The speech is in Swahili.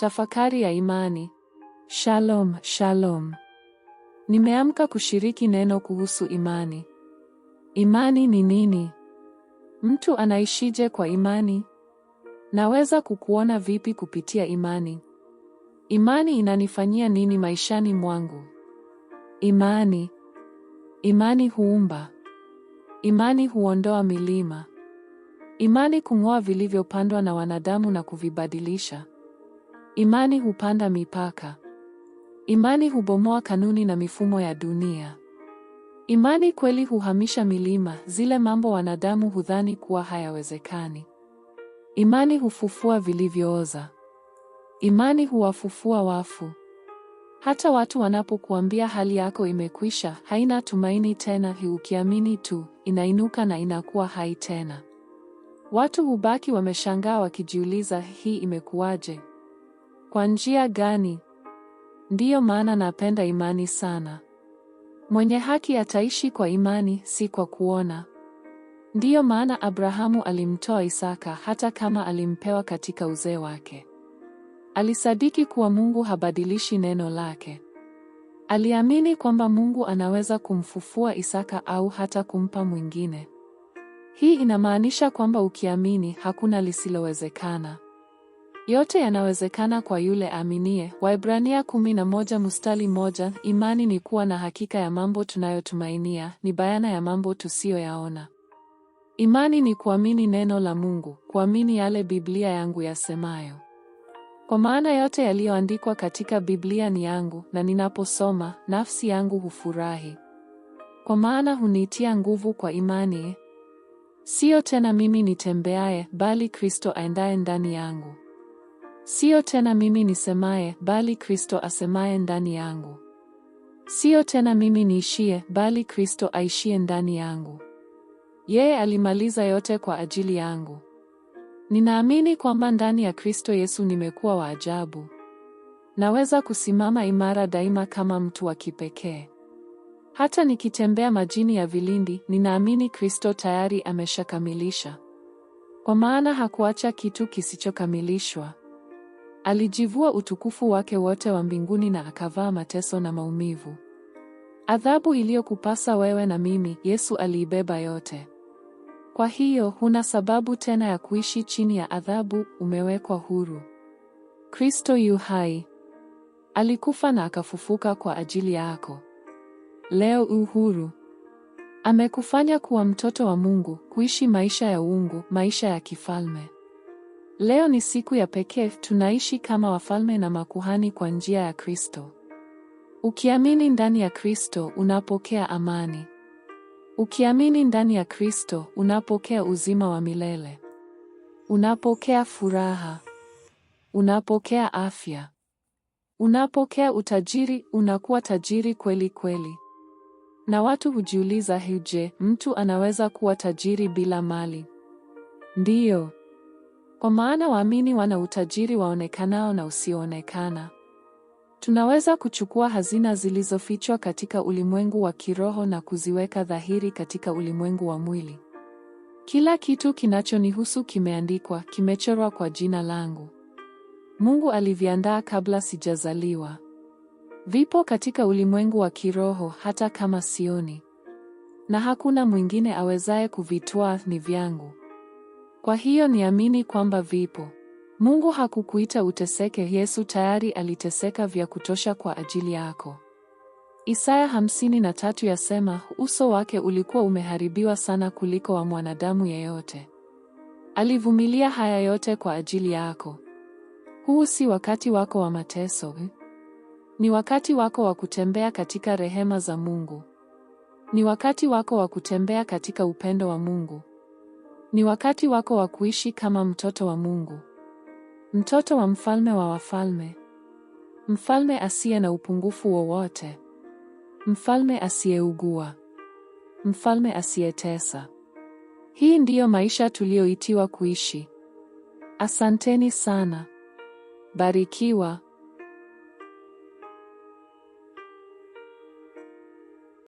Tafakari ya imani. Shalom, shalom. Nimeamka kushiriki neno kuhusu imani. Imani ni nini? Mtu anaishije kwa imani? Naweza kukuona vipi kupitia imani? Imani inanifanyia nini maishani mwangu? Imani. Imani huumba. Imani huondoa milima. Imani kung'oa vilivyopandwa na wanadamu na kuvibadilisha. Imani hupanda mipaka. Imani hubomoa kanuni na mifumo ya dunia. Imani kweli huhamisha milima, zile mambo wanadamu hudhani kuwa hayawezekani. Imani hufufua vilivyooza. Imani huwafufua wafu. Hata watu wanapokuambia hali yako imekwisha, haina tumaini tena, hiukiamini tu, inainuka na inakuwa hai tena. Watu hubaki wameshangaa wakijiuliza, hii imekuwaje? Kwa njia gani? Ndiyo maana napenda imani sana. Mwenye haki ataishi kwa imani, si kwa kuona. Ndiyo maana Abrahamu alimtoa Isaka hata kama alimpewa katika uzee wake. Alisadiki kuwa Mungu habadilishi neno lake. Aliamini kwamba Mungu anaweza kumfufua Isaka au hata kumpa mwingine. Hii inamaanisha kwamba ukiamini hakuna lisilowezekana. Yote yanawezekana kwa yule aminie. Waibrania 11 mstari moja moja. Imani ni kuwa na hakika ya mambo tunayotumainia, ni bayana ya mambo tusiyoyaona. Imani ni kuamini neno la Mungu, kuamini yale Biblia yangu yasemayo. Kwa maana yote yaliyoandikwa katika Biblia ni yangu, na ninaposoma, nafsi yangu hufurahi. Kwa maana hunitia nguvu kwa imani. Siyo tena mimi nitembeaye, bali Kristo aendaye ndani yangu. Siyo tena mimi nisemaye, bali Kristo asemaye ndani yangu. Siyo tena mimi niishie, bali Kristo aishie ndani yangu. Yeye alimaliza yote kwa ajili yangu. Ninaamini kwamba ndani ya Kristo Yesu nimekuwa wa ajabu. Naweza kusimama imara daima kama mtu wa kipekee. Hata nikitembea majini ya vilindi, ninaamini Kristo tayari ameshakamilisha. Kwa maana hakuacha kitu kisichokamilishwa. Alijivua utukufu wake wote wa mbinguni na akavaa mateso na maumivu. Adhabu iliyokupasa wewe na mimi, Yesu aliibeba yote. Kwa hiyo huna sababu tena ya kuishi chini ya adhabu, umewekwa huru. Kristo yu hai. Alikufa na akafufuka kwa ajili yako. Leo u huru. Amekufanya kuwa mtoto wa Mungu, kuishi maisha ya uungu, maisha ya kifalme. Leo ni siku ya pekee, tunaishi kama wafalme na makuhani kwa njia ya Kristo. Ukiamini ndani ya Kristo unapokea amani. Ukiamini ndani ya Kristo unapokea uzima wa milele. Unapokea furaha. Unapokea afya. Unapokea utajiri, unakuwa tajiri kweli kweli. Na watu hujiuliza, hije, mtu anaweza kuwa tajiri bila mali? Ndiyo. Kwa maana waamini wana utajiri waonekanao na usioonekana. Tunaweza kuchukua hazina zilizofichwa katika ulimwengu wa kiroho na kuziweka dhahiri katika ulimwengu wa mwili. Kila kitu kinachonihusu kimeandikwa, kimechorwa kwa jina langu. Mungu aliviandaa kabla sijazaliwa. Vipo katika ulimwengu wa kiroho hata kama sioni. Na hakuna mwingine awezaye kuvitoa, ni vyangu. Kwa hiyo niamini kwamba vipo. Mungu hakukuita uteseke, Yesu tayari aliteseka vya kutosha kwa ajili yako. Isaya hamsini na tatu yasema, uso wake ulikuwa umeharibiwa sana kuliko wa mwanadamu yeyote. Alivumilia haya yote kwa ajili yako. Huu si wakati wako wa mateso. Eh? Ni wakati wako wa kutembea katika rehema za Mungu. Ni wakati wako wa kutembea katika upendo wa Mungu. Ni wakati wako wa kuishi kama mtoto wa Mungu, mtoto wa mfalme wa wafalme, mfalme asiye na upungufu wowote, mfalme asiyeugua, mfalme asiyetesa. Hii ndiyo maisha tuliyoitiwa kuishi. Asanteni sana. Barikiwa.